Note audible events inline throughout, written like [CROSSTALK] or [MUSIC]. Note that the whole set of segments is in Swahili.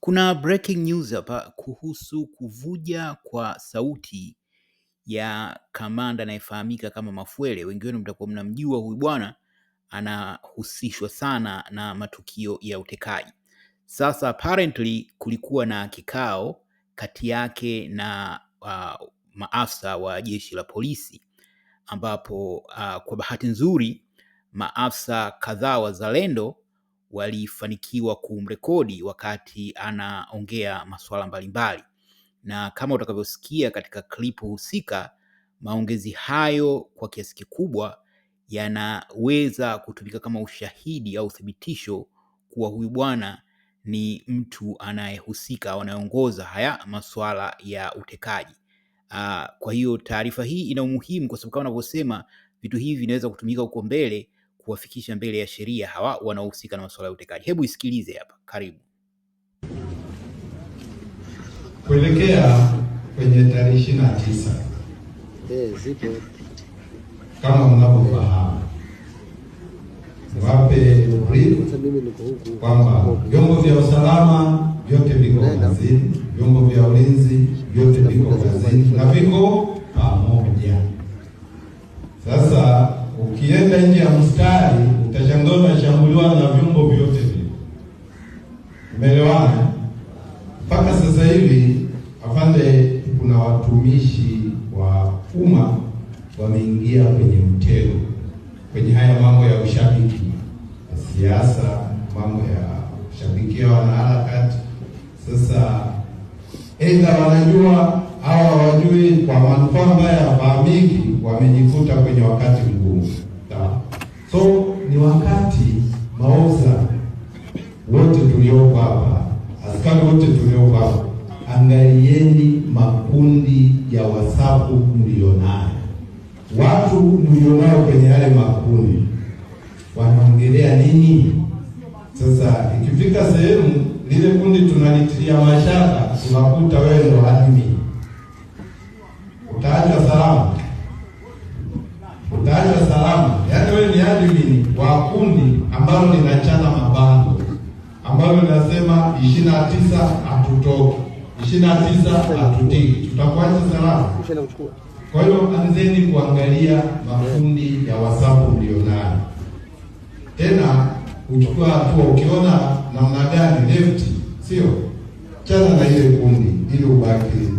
Kuna breaking news hapa kuhusu kuvuja kwa sauti ya kamanda anayefahamika kama Mafuele. Wengi wenu mtakuwa mnamjua huyu bwana, anahusishwa sana na matukio ya utekaji. Sasa apparently kulikuwa na kikao kati yake na uh, maafisa wa jeshi la polisi ambapo uh, kwa bahati nzuri maafisa kadhaa wazalendo walifanikiwa kumrekodi wakati anaongea masuala mbalimbali, na kama utakavyosikia katika klipu husika, maongezi hayo kwa kiasi kikubwa yanaweza kutumika kama ushahidi au uthibitisho kuwa huyu bwana ni mtu anayehusika au anayeongoza haya masuala ya utekaji. Aa, ah, kwa hiyo taarifa hii ina umuhimu kwa sababu kama unavyosema, vitu hivi vinaweza kutumika huko mbele kuwafikisha mbele ya sheria hawa wanaohusika na masuala ya utekaji. Hebu isikilize hapa, karibu. Kuelekea kwenye tarehe ishirini na tisa eh, kama mnavyofahamu wape kwamba vyombo vya usalama vyote viko kazini, vyombo vya ulinzi vyote viko kazini na viko pamoja. Sasa Ukienda nje ya mstari utashangaa unashambuliwa na vyombo vyote vile. Umeelewana? Mpaka sasa hivi afande, kuna watumishi wa umma wameingia kwenye mtego, kwenye haya mambo ya ushabiki, siasa, mambo ya kushabikia wanaharakati. Sasa aidha wanajua hawa hawajui, kwa manufaa mbaya hayafahamiki, wamejikuta kwenye wakati mgumu. So ni wakati maoza wote tulioko hapa, askari wote tulioko hapa, angalieni makundi ya wasapu mlionayo. Watu mlionayo kwenye yale makundi wanaongelea nini? Sasa ikifika sehemu lile kundi tunalitilia mashaka, tunakuta wewe ndo admi, utaacha salamu, utaacha salamu, yaani wewe ni ambalo linachana mabango ambalo linasema ishirini na tisa hatutoki, ishirini na tisa hatutiki, tutakuacha salama. Kwa hiyo anzeni kuangalia makundi ya wasafu ulionayo, tena uchukua hatua. Ukiona namna gani left, sio chana na ile kundi ili ubaki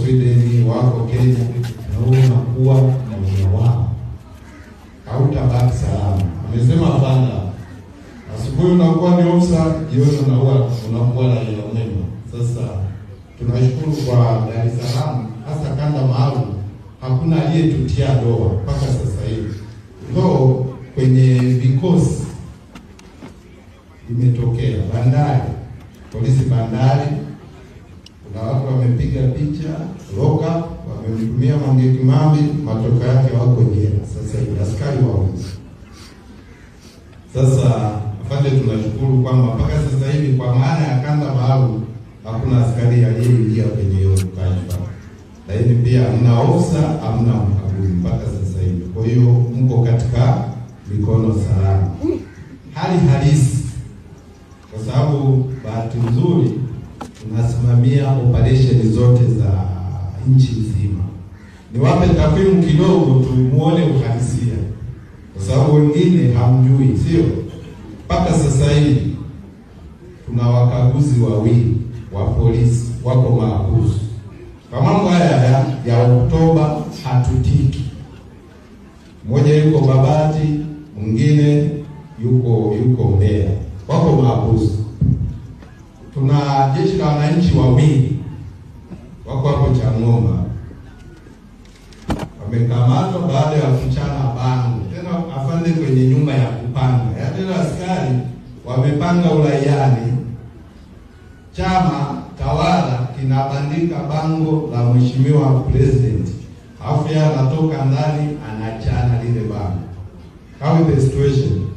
Sweden, wako Kenya, na wewe na mmoja wao, hautabaki salama. Amesema bana asubuhi unakuwa ni ofisa, jioni unakuwa unakuwa raia mwema. Sasa tunashukuru kwa Dar es Salaam, hasa kanda maalum, hakuna aliyetutia doa mpaka sasa hivi. Ndoo kwenye vikosi imetokea bandari, polisi bandari wamepiga picha roka wamemtumia Mange Kimambi, matokeo yake wako jela sasa hivi, askari wawezi. Sasa afande, tunashukuru kwamba mpaka sasa hivi kwa maana ya kanda maalum hakuna askari aliyeingia kwenye hiyo kashfa, lakini pia hamna ofisa, hamna mkaguzi mpaka sasa hivi. Kwa hiyo mko katika mikono salama, hali halisi, kwa sababu bahati nzuri tunasimamia operesheni zote za nchi nzima. Niwape takwimu kidogo, muone uhalisia, kwa sababu wengine hamjui, sio mpaka sasa hivi tuna wakaguzi wawili wa polisi wako mahabusu kwa mambo haya ya, ya Oktoba hatutiki. Mmoja yuko Babati, mwingine yuko yuko Mbeya, wako mahabusu kuna jeshi la wananchi wawili wako hapo Chang'oma, wamekamatwa baada ya kuchana bango tena, afande kwenye nyumba ya kupanga tena, askari wamepanga uraiani, chama tawala kinabandika bango la mheshimiwa president, alafu anatoka ndani anachana lile bango. How is the situation?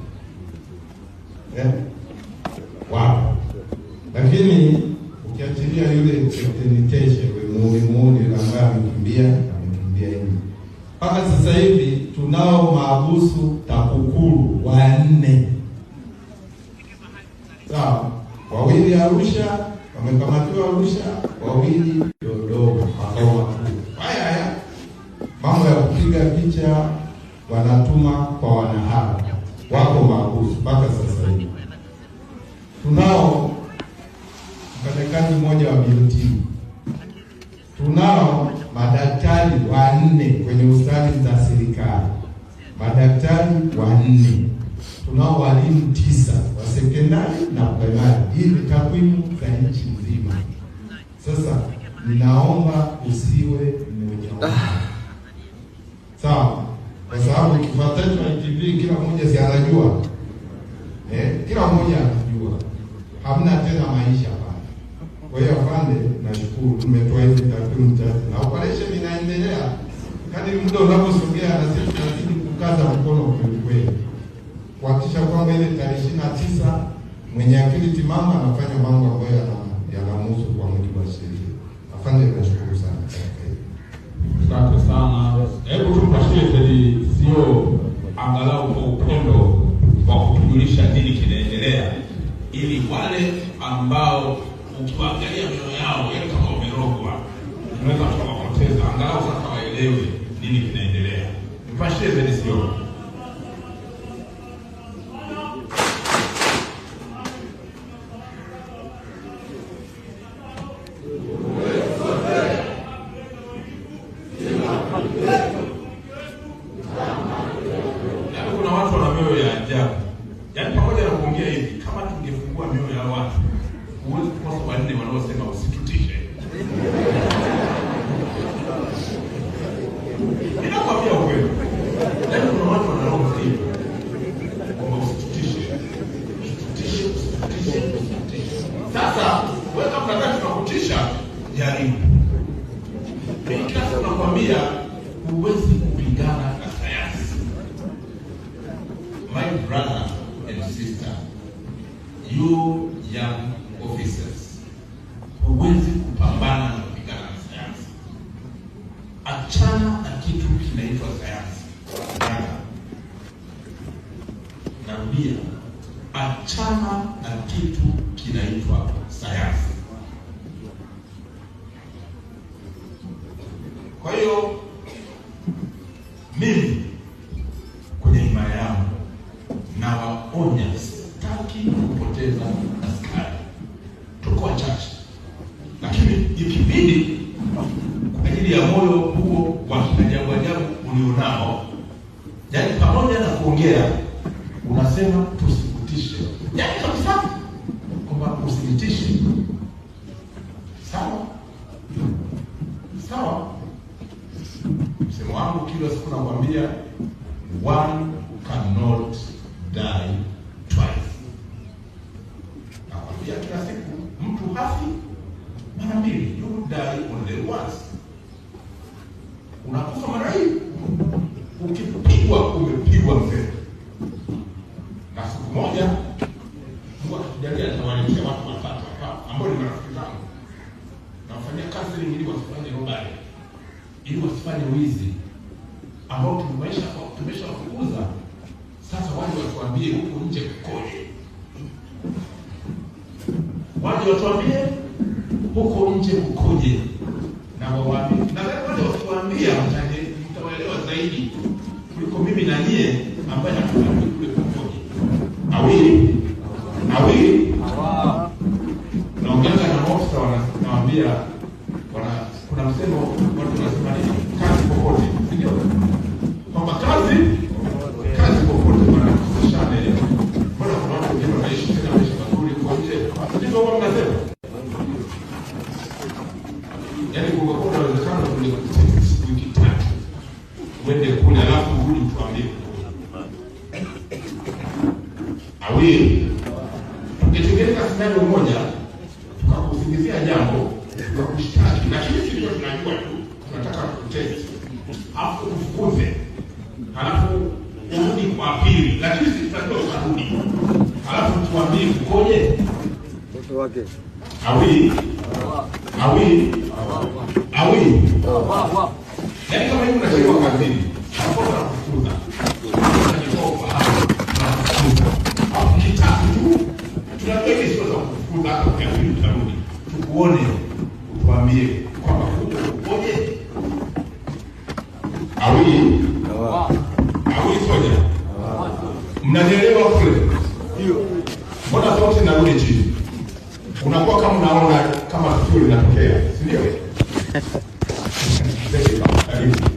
wamekamatiwa Arusha, wawili Dodoma, makao makuu. Haya haya mambo ya kupiga picha wanatuma kwa wanahabari wako maarufu mpaka sasa hivi. Tunao mfanyakazi mmoja wa BOT, tunao madaktari wanne kwenye hospitali za serikali, madaktari wanne tunao walimu tisa wa sekondari na primary. Hii ni takwimu za nchi nzima. Sasa ninaomba usiwe mmoja sawa, kwa sababu kifuatacho na ITV kila mmoja si anajua eh, kila mmoja anajua, hamna tena maisha pale. Kwa hiyo afande, nashukuru tumetoa hizi takwimu tatu na operation inaendelea kadri muda unaposogea, na sisi tunazidi kukaza mkono mbele tarehe 29 mwenye akili timamu anafanya mambo ambayo yanamuhusu kwa mujibu wa sheria. Afande, nashukuru sana. Asante sana, hebu tupashie sio angalau kwa upendo wa kujulisha nini kinaendelea, ili wale ambao ukiwaangalia huwezi kukosa wanne wanaosema usitutishe. Ninakwambia ukweli, lakini kuna watu wanaroho hiyo kwamba usitutishe, usitutishe, usitutishe, usitutishe. Sasa weka mkakati wa kutisha, jaribu. Mimi kila siku nakwambia huwezi kupingana na sayansi. My brother and sister, you young officers. Huwezi kupambana na kupigana na sayansi. Achana na kitu kinaitwa sayansi. Naambia, achana na kitu kinaitwa sayansi. Kwa hiyo ikibidi kwa ajili ya moyo huo wa ajabu ajabu ulionao, yaani pamoja na kuongea unasema tusikutishe, yaani kabisa kwamba uthibitishe. Sawa sawa, msemo wangu kila siku nakwambia one cannot die twice, nakwambia kila siku mtu hafi mbili, you will die only Unakufa mara hii. Ukipigwa umepigwa mzee, na siku moja Mungu akijalia atawanisha watu watatu hapa ambao ni marafiki zangu, nawafanyia counseling ili wasifanye robari, ili wasifanye wizi ambao kukuulizia jambo la kushtaki, lakini sisi ndio tunajua tu, tunataka kukutesti, alafu ufukuze, alafu urudi kwa pili, lakini sisi tunajua utarudi, alafu tuambie mtoto wake awi awi awi yaani, kama hivi unachekewa kazini, hapo unakufuza tunataka sio za kufukuza hata ukiamini uone, ukwambie kwamba huko ukoje. Awi mnanielewa kule? Mbona sauti narudi chini? Unakuwa kama unaona kama linatokea, [LAUGHS]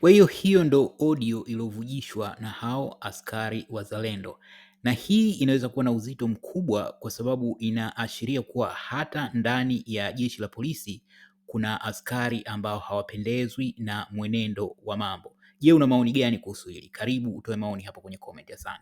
Kwa hiyo hiyo ndo audio iliyovujishwa na hao askari wazalendo, na hii inaweza kuwa na uzito mkubwa kwa sababu inaashiria kuwa hata ndani ya jeshi la polisi kuna askari ambao hawapendezwi na mwenendo wa mambo. Je, una maoni gani kuhusu hili? Karibu utoe maoni hapo kwenye comment. Asante.